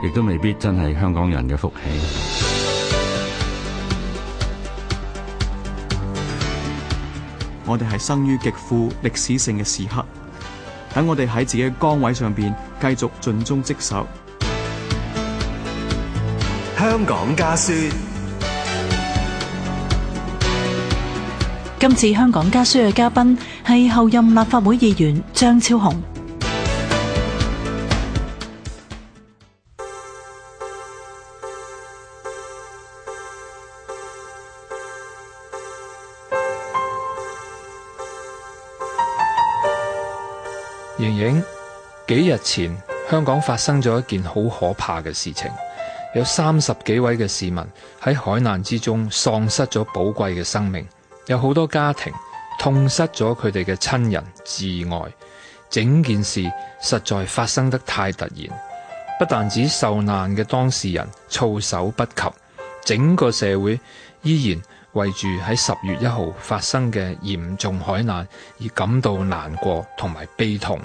亦都未必真係香港人嘅福氣。我哋係生於極富歷史性嘅時刻，等我哋喺自己嘅崗位上邊繼續盡忠職守。香港家書，今次香港家書嘅嘉賓係候任立法會議員張超雄。瑩瑩，幾日前香港發生咗一件好可怕嘅事情，有三十幾位嘅市民喺海難之中喪失咗寶貴嘅生命，有好多家庭痛失咗佢哋嘅親人至愛，整件事實在發生得太突然，不但止受難嘅當事人措手不及，整個社會依然。為住喺十月一號發生嘅嚴重海難而感到難過同埋悲痛。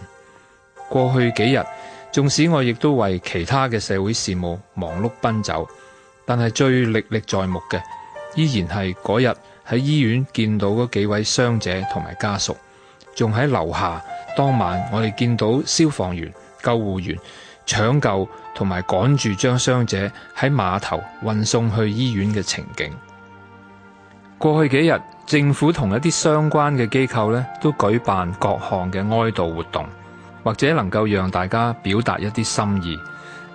過去幾日，縱使我亦都為其他嘅社會事務忙碌奔走，但係最歷歷在目嘅，依然係嗰日喺醫院見到嗰幾位傷者同埋家屬，仲喺樓下。當晚我哋見到消防員、救護員搶救同埋趕住將傷者喺碼頭運送去醫院嘅情景。過去幾日，政府同一啲相關嘅機構咧，都舉辦各項嘅哀悼活動，或者能夠讓大家表達一啲心意。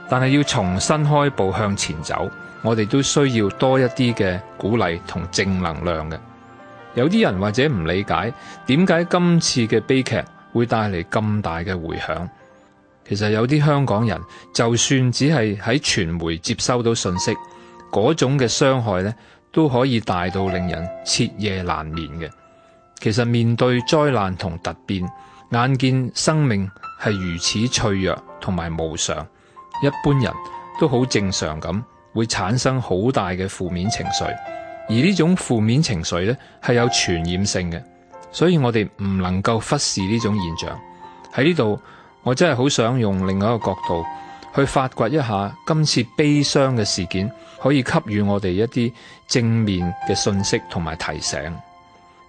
但係要重新開步向前走，我哋都需要多一啲嘅鼓勵同正能量嘅。有啲人或者唔理解，點解今次嘅悲劇會帶嚟咁大嘅回響？其實有啲香港人，就算只係喺傳媒接收到信息，嗰種嘅傷害呢都可以大到令人徹夜難眠嘅。其實面對災難同突變，眼見生命係如此脆弱同埋無常，一般人都好正常咁會產生好大嘅負面情緒。而呢種負面情緒咧係有傳染性嘅，所以我哋唔能夠忽視呢種現象。喺呢度，我真係好想用另外一個角度。去發掘一下今次悲傷嘅事件，可以給予我哋一啲正面嘅信息同埋提醒。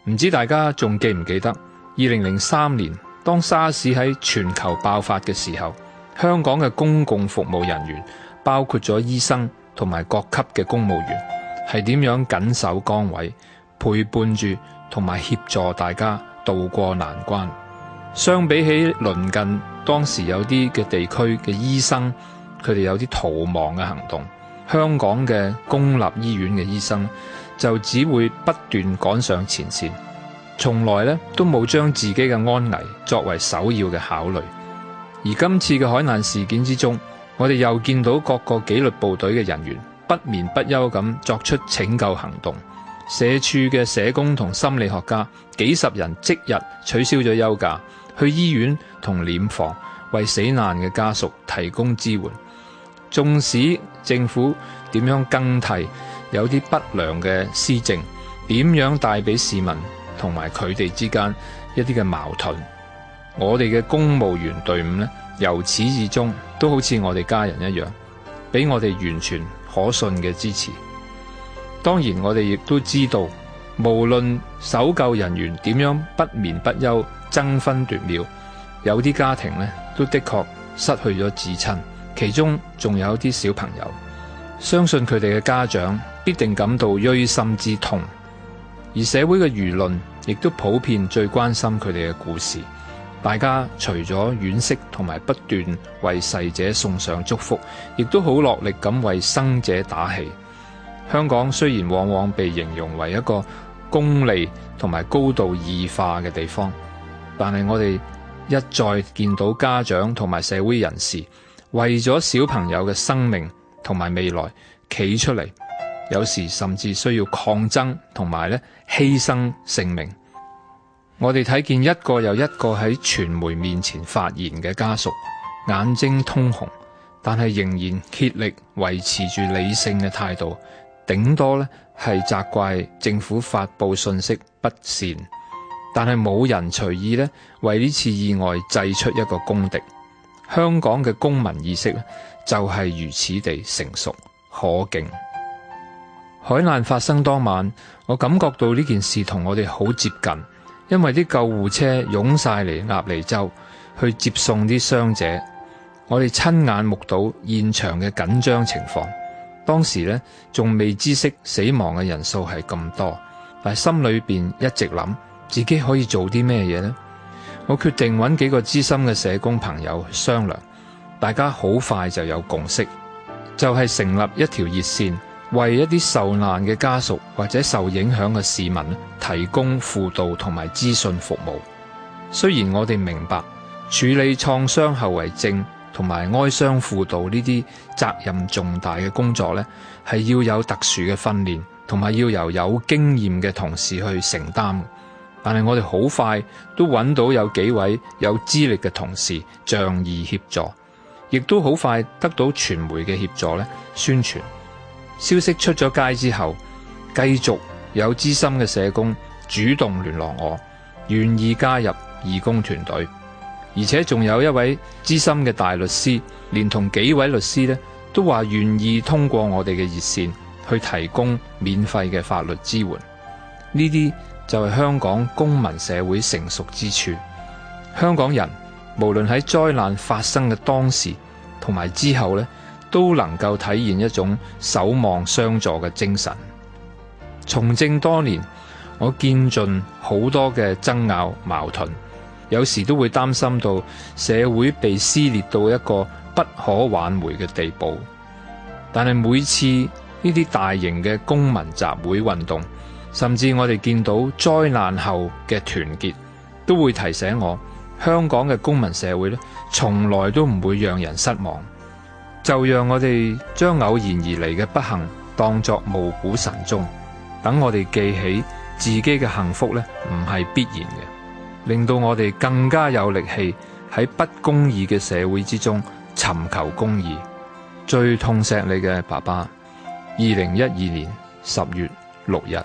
唔知大家仲記唔記得，二零零三年當沙士喺全球爆發嘅時候，香港嘅公共服務人員，包括咗醫生同埋各級嘅公務員，係點樣緊守崗位，陪伴住同埋協助大家渡過難關。相比起鄰近當時有啲嘅地區嘅醫生，佢哋有啲逃亡嘅行動；香港嘅公立醫院嘅醫生就只會不斷趕上前線，從來咧都冇將自己嘅安危作為首要嘅考慮。而今次嘅海難事件之中，我哋又見到各個紀律部隊嘅人員不眠不休咁作出拯救行動，社署嘅社工同心理學家幾十人即日取消咗休假。去醫院同殮房為死難嘅家屬提供支援，縱使政府點樣更替，有啲不良嘅施政，點樣帶俾市民同埋佢哋之間一啲嘅矛盾，我哋嘅公務員隊伍呢，由始至終都好似我哋家人一樣，俾我哋完全可信嘅支持。當然，我哋亦都知道，無論搜救人員點樣不眠不休。爭分奪秒，有啲家庭呢，都的確失去咗至親，其中仲有啲小朋友，相信佢哋嘅家長必定感到錐心之痛，而社會嘅輿論亦都普遍最關心佢哋嘅故事。大家除咗惋惜同埋不斷為逝者送上祝福，亦都好落力咁為生者打氣。香港雖然往往被形容為一個功利同埋高度異化嘅地方，但係我哋一再見到家長同埋社會人士為咗小朋友嘅生命同埋未來企出嚟，有時甚至需要抗爭同埋咧犧牲性命。我哋睇見一個又一個喺傳媒面前發言嘅家屬，眼睛通紅，但係仍然竭力維持住理性嘅態度，頂多咧係責怪政府發布信息不善。但係冇人隨意呢，為呢次意外祭出一個公敵。香港嘅公民意識就係如此地成熟可敬。海難發生當晚，我感覺到呢件事同我哋好接近，因為啲救護車湧晒嚟鴨脷洲去接送啲傷者，我哋親眼目睹現場嘅緊張情況。當時呢，仲未知悉死亡嘅人數係咁多，但係心裏邊一直諗。自己可以做啲咩嘢呢？我決定搵幾個資深嘅社工朋友商量，大家好快就有共識，就係成立一條熱線，為一啲受難嘅家屬或者受影響嘅市民提供輔導同埋資訊服務。雖然我哋明白處理創傷後遺症同埋哀傷輔導呢啲責任重大嘅工作呢，係要有特殊嘅訓練，同埋要由有經驗嘅同事去承擔。但係我哋好快都搵到有幾位有資歷嘅同事仗義協助，亦都好快得到傳媒嘅協助咧宣傳。消息出咗街之後，繼續有資深嘅社工主動聯絡我，願意加入義工團隊，而且仲有一位資深嘅大律師，連同幾位律師咧都話願意通過我哋嘅熱線去提供免費嘅法律支援。呢啲就係、是、香港公民社會成熟之處。香港人無論喺災難發生嘅當時同埋之後呢都能夠體現一種守望相助嘅精神。從政多年，我見盡好多嘅爭拗矛盾，有時都會擔心到社會被撕裂到一個不可挽回嘅地步。但係每次呢啲大型嘅公民集會運動，甚至我哋見到災難後嘅團結，都會提醒我，香港嘅公民社會咧，從來都唔會讓人失望。就讓我哋將偶然而嚟嘅不幸當作無古神宗，等我哋記起自己嘅幸福咧，唔係必然嘅，令到我哋更加有力氣喺不公義嘅社會之中尋求公義。最痛錫你嘅爸爸，二零一二年十月六日。